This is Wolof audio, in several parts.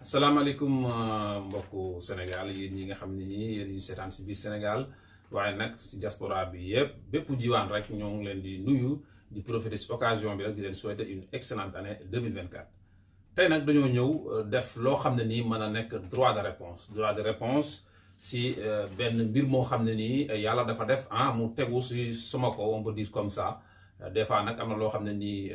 asalaamaaleykum euh, mbokku Sénégal yéen ñi nga xam ne nii yéen ñu seetaan si biir Sénégal waaye nag si diaspora bi yëpp bépp jiwaan rek ñoo ngi leen di nuyu di profiter si occasion bi rek di leen souhaiter une excellente année 2024. tey nag dañoo ñëw euh, def loo xam ne nii mën a nekk droit de réponse droit de réponse si euh, benn mbir moo xam ne nii yàlla dafa def ah mu tegu si sama ko on peut dire comme ça des fois nag am na loo xam ne nii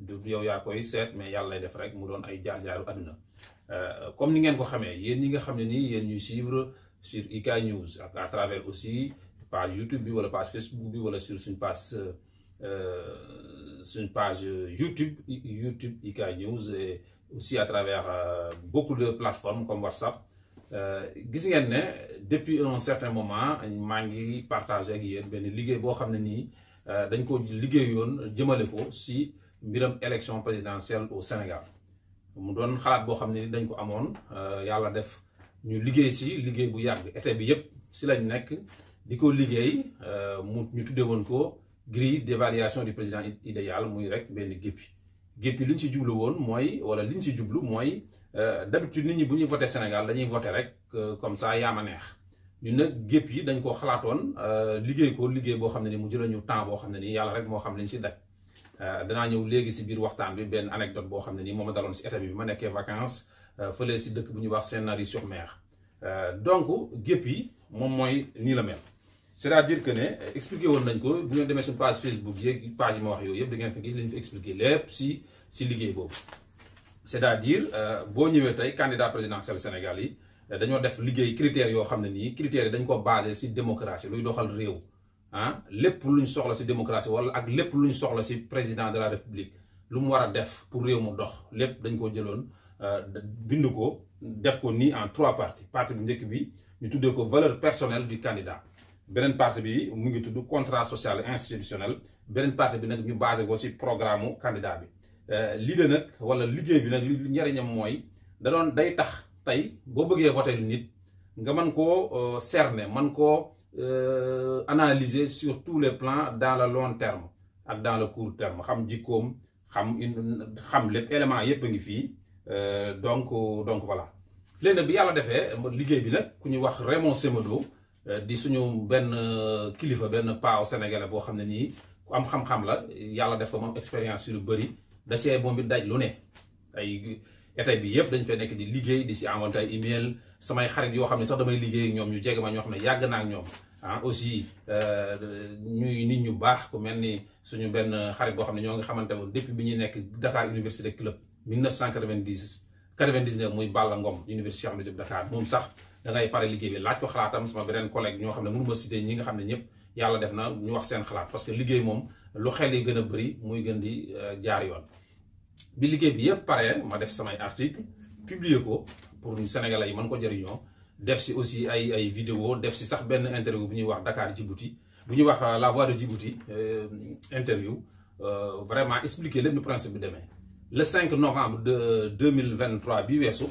du yow yaa koy seet mais yàlla lay def rek mu doon ay jaar-jaaru àdduna euh, comme ni ngeen ko xamee yéen ñi nga xam ne nii yéen ñuy suivre sur IK News ak à travers aussi page YouTube bi wala page Facebook bi wala sur suñ page euh, suñ page YouTube YouTube IK News et aussi à travers euh, beaucoup de plateformes comme WhatsApp gis ngeen ne depuis un certain moment maa ngi partagé ak yéen benn liggéey boo xam ne nii dañ ko liggéeyoon jëmale ko si mbiram élection présidentielle au Sénégal mu doon xalaat bo xam dañ ko amone euh yalla def ñu liggéey ci liggéey bu yàgg été bi yépp si lañ nek diko ko liggéey euh, mu ñu tuddé won ko grille d'évaluation du président idéal muy rek ben géppi géppi luñ ci djublu won moy wala luñ ci djublu moy euh d'habitude nit ñi bu ñuy voter Sénégal dañuy voter rek euh, comme ça yama neex ñu nak gépp dañ ko euh liggéey ko liggéey bo xam mu jëla ñu temps bo xam yalla rek mo xam liñ ci daj euh, danaa ñëw légui ci biir waxtaan bi ben anecdote bo xamné ni moma moom ci daloon état bi bi ma nekkee vacances feulé ci dëkk bu ñu wax scénario sur mer euh, donc gépp mom moy ni la mel c'est-à-dire que né expliquer won nañ ko bu ngeen démé suñu page Facebook yeeg page yi ma wax yooyu yëpp da ngeen fi gis li fi expliquer lépp ci ci liggéey bobu c'est-à-dire euh, bo ñëwee tay candidat présidentiel Sénégal yi dañoo def liggéey critère yo xamné ni critère dañ ko baser ci démocratie luy doxal réew ah luñ soxla démocratie wala ak lepp luñ soxla président de la république lu mu pour mu dox dañ euh, en trois parties partie bi ñu valeur personnelle du candidat partie bi mu contrat social institutionnel beneen partie bi programme candidat bi. Euh, l'idée nag wala liggéey bi nag li da doon day tax euh, analyser sur tous les plans dans le long terme et dans le court terme xam jikkoom xam xam le, élément yépp a ngi fii euh, donc euh, donc voilà léegi bi yalla defee liggéey bi nag ku ñuy wax Raymond Semedo euh, di suñu ben kilifa ben paaw sénégalais Sénégal, xam ne nii ku am xam-xam la yalla def ko mom expérience sur lu bëri da see moom daj lu ne ay état bi yëpp dañ fee nekk di liggéey di si envoyé ay email samay xarit yoo xam ne sax damay liggéey ak ñoom ñu jege ma ñoo xam ne yàgg naa ak ñoom ah, euh, ni suñu benn xarit boo xam ne ñoo ngi xamante woon depuis bi nekk Dakar Université Club 1990 99 muy Balla Ngom Université Cheikh Anta Diop Dakar sax da pare liggéey bi laaj ko xalaatam sama beneen collègue ñoo xam ne mënu ma cité ñi nga xam ne ñëpp yàlla def na ñu wax seen xalaat parce que liggéey moom lu xel yi gën a bëri muy gën di euh, jaar yoon. bi liggéey bi yëpp pare ma def samay article publier ko pour Sénégalais yi man ko jëriñoo def ci aussi ay ay vidéo def ci sax ben interview bu ñuy wax Dakar Djibouti bu ñuy wax euh, la voix de Djibouti euh, interview euh, vraiment expliquer le nu principe bi demee le 5 novembre de 2023 bi weesu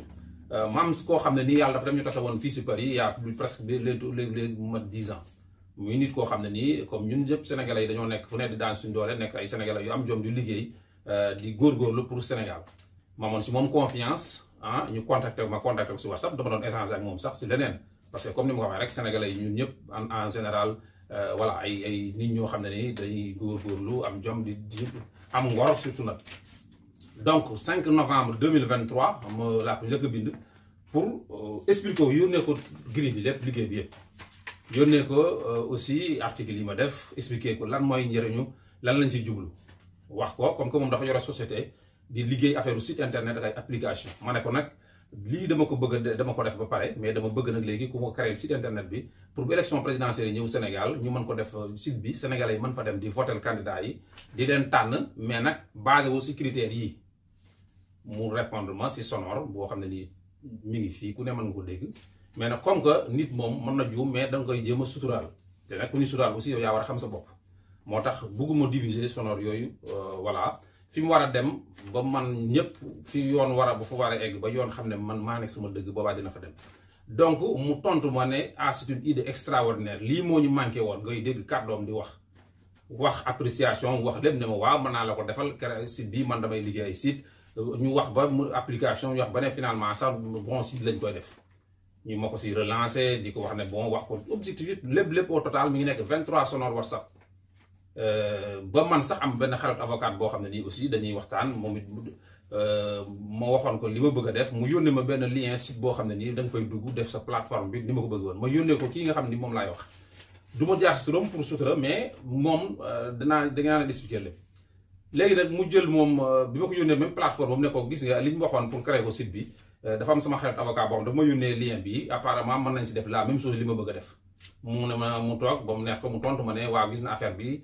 maam koo xam ne nii yàlla dafa dem ñu tasa fi ci Paris ya a plus presque les mu mat 10 ans muy nit ko xamné ni comme ñun ñëpp Sénégalais yi dañoo nekk fu ne di daan suñu doole nekk ay Sénégalais yu am jom du liggéey euh, di gorgorlu pour Sénégal ma amoon si moom confiance ah ñu contacter ma contacter ko WhatsApp dama doon échange ak mom sax ci leneen parce que comme ni mo wax rek sénégalais ñun ñep en en général euh, voilà ay ay nit ñoo xam ne ni dañuy góorgóorlu am jom di di am ngor surtout nak donc 5 novembre 2023 ma la ko njëkk bind pour euh, expliquer yu ne ko gris bi lépp liggéey bi yëpp. yónnee ko aussi article yi ma def expliquer ko lan moy njëriñu lan lañ ci jublu. wax ko comme comme dafa yoro société di liggéey affaire site internet ak application ma ne ko nag lii dama ko bëgg dama ko def ba paré mais dama bëgg nak légui kuma créer site internet bi pour bu élection présidentielle yi Sénégal ñu mën ko def euh, site bi Sénégalais yi mën fa dem di voter candidat yi di den tan mais nak basé wu ci critères yi mu répondre ma ci sonore bo xamné ni mi ngi fi ku ne mën ko dégg mais nak comme que nit mom mën na joom mais da nga koy jéem a suturaal ku ni sutural aussi yow war xam sa bop motax buguma bugguma diviser sonore yooyu euh, voilà fim wara dem ba man ñep fi yoon wara bu ba fa war egg ba yoon xamne man maa nekk sama dëgg boba dina fa dem donc mu tontu ma ne ah c'est une idée extraordinaire li mo ñu manké won ngay dégg cardom di wax wax appréciation wax lepp ne ma wa mën naa la ko defal site bii man damay liggéey site ñu wax ba application wax ba ne finalement sax bon site lañ koy def ñu mako ko si relancer di ko wax ne bon wax ko objectif lepp lepp au total mi ngi nek 23 sonore WhatsApp Euh, ba man sax am benn xarit avocat boo xam ne nii aussi dañuy waxtaan moom it euh, ma waxoon ko li ma bëgg a def mu yónnee ma benn lien site boo xam ne nii da fay dugg def sa bi ni ma ko bëgg ma yónnee ko kii nga xam ni moom laay wax du ma jaar si turam pour mais moom euh, danaa danaa leen expliquer lépp léegi nag mu jël moom bi ma ko yónnee ne ko gis li ñu waxoon pour créer ko bi dafa am sama xarit avocat boo xam dafa bi apparemment mën nañ si def la même chose li ma bëgg a def mu ne ma mu toog ba mu neex ko mu tontu ma ne waa gis na affaire bi.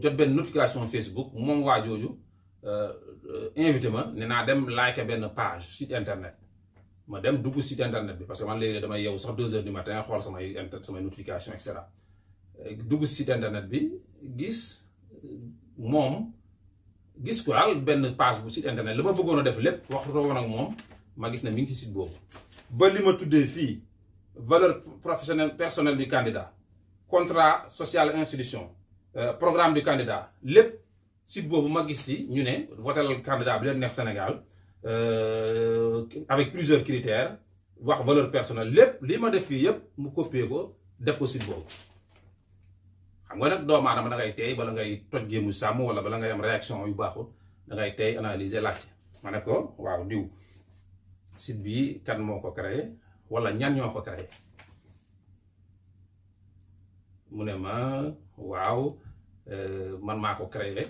j'ai une notification Facebook je waa jooju euh, invité à liker une page site internet ma dem site internet parce que je suis sax 2h du matin je notification et cetera euh, site internet bi gis page site internet la ma bëggoon faire, site internet ba valeur professionnelle personnelle du candidat contrat social institution euh, programme du candidat lépp site bobu ma gis si ñu ne votelal candidat bi leen neex Sénégal euh avec plusieurs critères wax valeur personnelle lépp li ma def fi yépp mu copier ko def ko site bobu. xam nga nag doomu aadama da ngay tey bala ngay toj géemu sàmm wala bala ngay am réaction yu baaxul da ngay tey analyser laajte ma ne ko waaw diw site bi kan moo ko créé wala ñan ñoo ko créé mu ne ma waaw Eh, man mako ko créé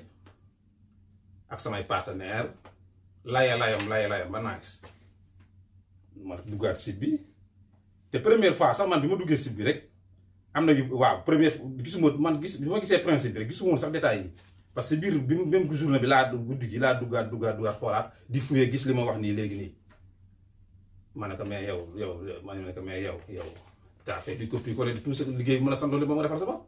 ak samay partenaire laya layam laya layam ba nice ma duggaat ci bi té première fois sax man bima duggé ci bi rek amna yu wa première gisuma man gis bima gisé principe rek gisuma sax détail yi parce que bir bi même journée bi la guddi gi la duggaat duggaat duggaat xolat di fouyé gis lima wax ni légui ni manaka mé yow yow manaka mé yow yow ta fait du copier coller tout ce liggéey bi ma ba sa bop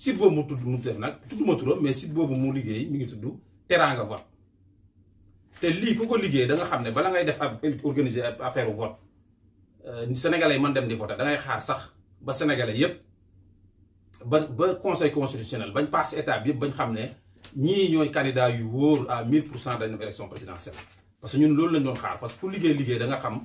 site boobu mu tudd mu def nak nag tudduma turam mais site bobu mu liggéey mi ngi tudd Teranga vote té li ku ko liggéey da nga xamné bala ngay def ab organiser affaire vote euh sénégalais man dem di voter da ngay xaar sax ba sénégalais yépp ba ba conseil constitutionnel bañ passe étape bi bañ xamné ñi ñoy candidat yu woor à 1000 pour cent dañu élection présidentielle parce que ñun loolu lañ doon xaar parce que pour liggéey liggéey da nga xam.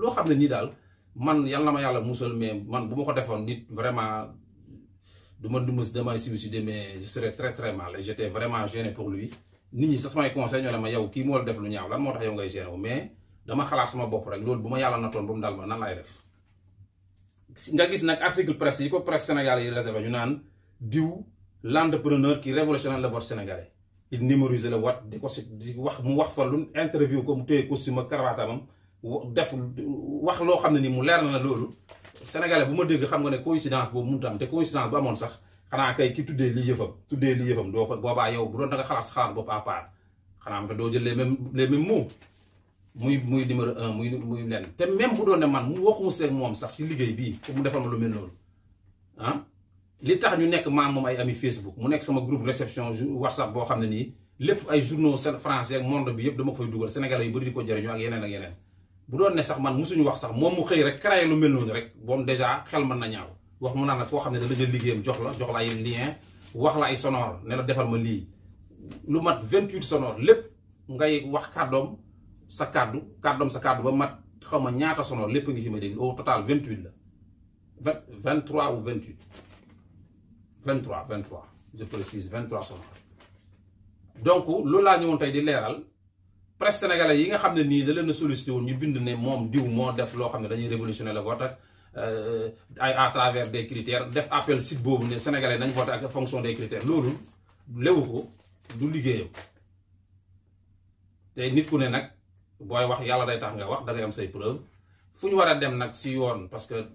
loo xam ne nii daal man yalla ma yalla musul mais man buma ko defone nit vraiment duma ma du ma damay mais je serais très très mal et j' vraiment gêné pour lui nit ni sax samay conseil ñoo ma yow ki mo def lu ñaaw lan motax yow ngay gêné mais dama xalaat sama bop rek loolu buma yalla natone natoon dal ma nan lay def. nga gis nak article presse yi ko presse Sénégal yi réservé ñu naan diw l'entrepreneur qui révolutionne le vote sénégalais il numérise le vote diko wax mu wax fa lu interview ko mu téye costume cravate am def wax lo xamné ni mu leer na loolu sénégalais buma ma dégg xam nga né coïncidence boobu mu am té coïncidence bu amone sax xana kay ki tuddé li yëfam tuddé li yëfam do ko boobaa yow bu do nga xalaat xaar xalaat bopp à part xanaa ma fa doo jël les mêmes les mêmes mots muy muy numéro 1 muy muy lén té même bu do né man mu waxuma seeg mom sax ci liggéey bi mu defal ma lu mel noonu ah li tax ñu nekk maam mom ay ami Facebook mu nekk sama groupe réception WhatsApp bo xamné ni lépp ay journaux français ak monde bi yépp dama ko fay duggal sénégalais yu bëri di ko jëriñoo ak yeneen ak yeneen bu doon ne sax man suñu wax sax moom mu xëy rek créé lu mel noonu rek moom dèjà xel mën na ñaaw wax mu naa la koo xam ne dana jël liggéeyam jox la jox la ay lien wax la ay sonore ne la defal ma lii lu mat vingt-huit sonore lépp ngay wax kàddoom sa kàddu kàddoom sa kàddu ba mat xaw ma ñaata sonore lépp ngi fi ma dégg au total vingt-huit la vingt-trois ou vingt-huit vingt-trois vingt-trois je précise vingt donc loolu laa ñëwoon tey di leeral presse sénégalais yi nga xamné ni da leen a sollicité ñu bind né mom diw mo def lo xamné dañuy révolutionner le vote ak euh, ay à travers des critères def appel site bobu né sénégalais nañ vote ak fonction des critères lolu lewuko du liggéeyam te nit ku né nak boy wax yalla day tax nga wax da ngay am say preuve fu ñu war dem nak si yoon parce que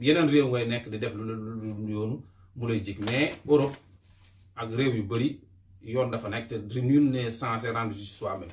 yeneen réew ngay nekk di def lu yoonu mu lay jig mais Europe ak réew yu bari yoon dafa nekk te nul n'est censé rendre justice soi-même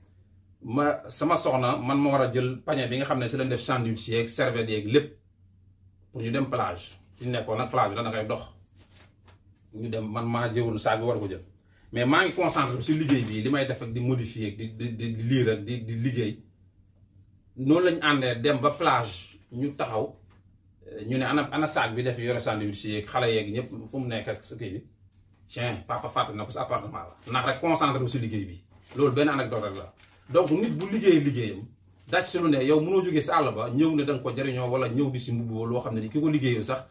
ma sama soxna man ma war a jël pañe bi nga xam ne si lañ def sandwich yeeg serviette yeeg lépp pour ñu dem plage fi ñu nekkoon nag plage bi dana koy dox ñu dem man maa jëwoon saa bi war ko jël mais maa ngi concentré si liggéey bii li may def di modifier ak di di liggéey noonu lañ àndee dem ba plage ñu taxaw ñu ne ana ana saag bi def yore sandwich yeeg xale yeeg ñëpp fu mu nekk ak sa kii bi tiens papa fàtte na ko sa appartement la ndax rek concentré wu si liggéey bi loolu benn anecdote rek la donc nit bu liggéey liggéeyam daj ci lu ne yow mënoo jógee si àll ba ñëw ne da nga ko jëriñoo wala ñëw di si mbubboo loo xam ne ni ki ko liggéeyul sax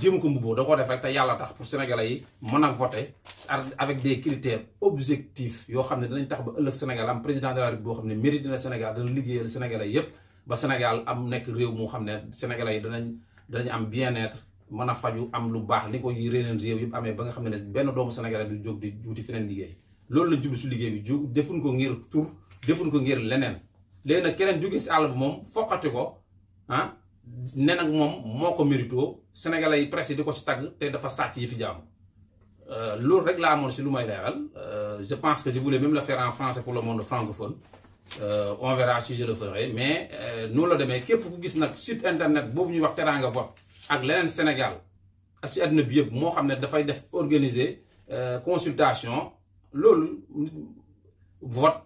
jéem ko mbubboo da ko def rek te yàlla tax pour sénégalais yi mën a voter avec des critères objectifs yoo xam ne danañ tax ba ëllëg Sénégal am président de la République boo xam ne mérite na Sénégal dana liggéeyal sénégalais yépp ba Sénégal am nekk réew moo xam ne sénégalais yi danañ danañ am bien-être mën a faju am lu baax li ko yi réew yëpp amee ba nga xam ne benn doomu sénégalais du jóg di juuti feneen liggéey loolu lañ ci bisu liggéey bi jóg defuñ ko ngir tur defuñ ko ngir leneen léegi nag keneen jóge si àll bi moom foqati ko ah ne nag moom moo mérito sénégalais yi presse di ko si tàgg dafa sàcc yi fi euh lool rek la amoon ci lu may euh je pense que je voulais même le faire en français pour le monde francophone euh, on verra si je le ferai mais euh, nous la demee képp ku gis nak site internet bobu ñu wax Teranga Vote ak leneen Sénégal ak si aduna bi yëpp mo xamné da fay def organiser euh, consultation lool vote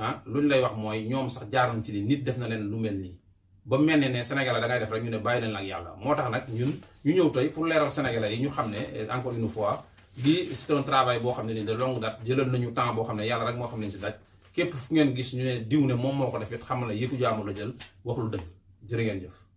ah lu ñu lay wax mooy ñoom sax jaaroon ci ni nit def na leen lu mel nii ba mel ne ne Sénégalais da def rek ñu ne bàyyi leen ak yàlla moo tax nag ñun ñu ñëw tey pour leeral Sénégalais yi ñu xam ne eh, encore une fois lii c'est un boo xam ne ni de longue date jëlal nañu temps boo xam ne yàlla rek moo xam ne si daj képp fu ngeen gis ñu ne diw ne moom moo ko defee it xam na yëfu jaamu la jël waxul dëgg jërë ngeen jëf.